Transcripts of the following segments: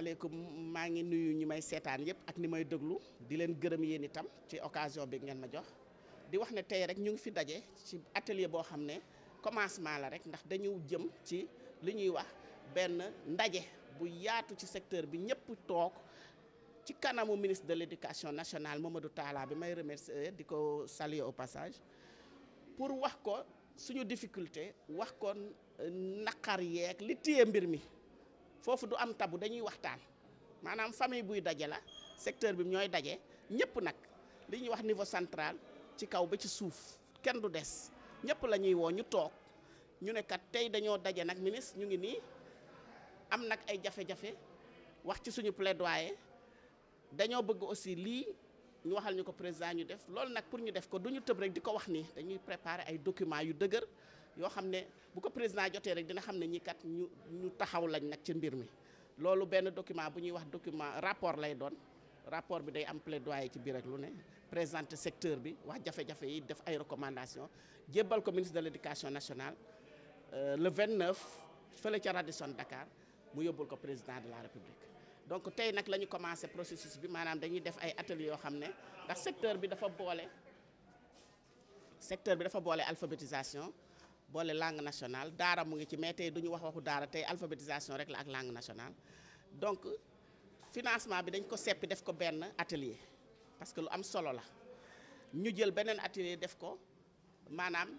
asalaamaaleykum maa ngi nuyu ñi may seetaan yëpp ak ni may déglu di leen gërëm yéen itam ci occasion bi ngeen ma jox di wax ne tey rek ñu ngi fi daje ci atelier boo xam ne commencement la rek ndax dañu jëm ci li ñuy wax benn ndaje bu yaatu ci secteur bi ñëpp toog ci kanamu ministre de l'éducation nationale Mamadou Talla bi may remercier di ko saluer au passage pour wax ko suñu difficulté wax ko naqar yeeg li téye mbir mi. Fofu du am tabu dañuy waxtaan manam famille buy dajé la secteur bi ñoy daje ñepp nak liñ wax niveau central ci kaw ba ci souf kèn du des ñepp la wo ñu tok ñu ne kat tay dañoo daje nak ministre ñu ngi ni am nak ay jafe-jafe wax ci suñu plaidoyer dañoo bëgg aussi li ñu waxal ñuko président ñu def lool nak pour ñu def ko du teub rek di ko wax ni dañuy préparer ay documents yu deuguer yoo xam ne bu ko président jotee rek dina xam ne ñi kat ñu ñu taxaw lañ nag ci mbir mi loolu benn document bu ñuy wax document rapport lay doon rapport bi day am plaidoyer ci biir ak lu ne présenter secteur bi wax jafe-jafe yi def ay recommandations jébbal ko ministre de l'éducation nationale euh, le 29 fële ca Radisson Dakar mu yóbbul ko président de la République donc tey nag lañu ñu commencé processus bi maanaam dañuy def ay ateliers yoo xam ne ndax secteur bi dafa boole secteur bi dafa boole alphabétisation boole langue nationale daara mu ngi ci mais tey du wax waxu daara tey alphabétisation rek la ak langue nationale donc financement bi dañ ko seppi def ko benn atelier parce que lu am solo la ñu jël beneen atelier def ko maanaam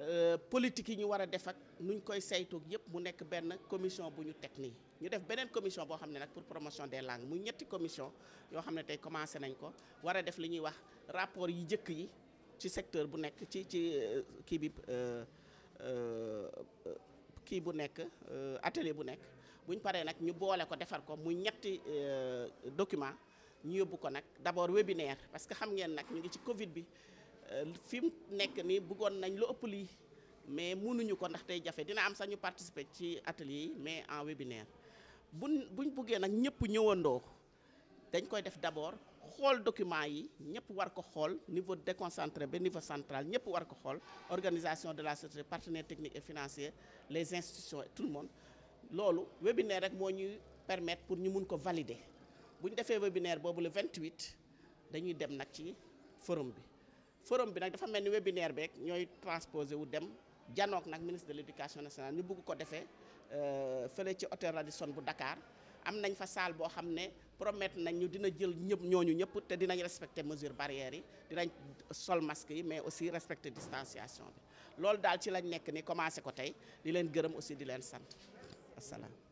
euh, politique yi ñu war a def ak nuñ koy saytoog yëpp mu nekk benn commission bu ñu teg nii ñu def beneen commission boo xam ne nag pour promotion des langues muy ñetti commission yoo xam ne tey commencé nañ ko war a def li ñuy wax rapport yi jëkk yi ci secteur bu nekk ci ci euh, kii bi euh, Euh, kii bu nekk euh, atelier bu nekk buñ paree nag ñu boole ko defar ko muy ñetti euh, document ñu yóbbu ko nag d'abord webinaire parce que xam ngeen nag ñu ngi ci Covid bi fi nekk nii buggoon nañ lu ëpp lii mais mënuñu ko ndax tey jafe dina am sax ñu participer ci atelier yi mais en webinaire buñ buñ buggee nag ñëpp ñëwandoo dañ koy def d'abord. xool document yi ñep war ko xool niveau déconcentré niveau central ñep war ko organisation de la société partenaires techniques et financiers les institutions tout le monde lolu webinaire rek mo ñuy permettre pour ñu mun ko valider buñ défé webinaire le 28 dañuy dem nak ci forum bi forum bi nak dafa melni webinaire bek ñoy transposé wu dem janook nak ministre de l'éducation nationale ñu bëgg ko euh fële ci hôtel Radisson bu Dakar am nañ fa salle bo xamné promettre nañ ñu dina jël ñëpp ñooñu ñëpp te dinañ respecter mesure barrière yi dinañ sol masque yi mais aussi respecter distanciation bi loolu daal ci lañ nekk ni commencé ko tey di leen gërëm aussi di leen sant asalaam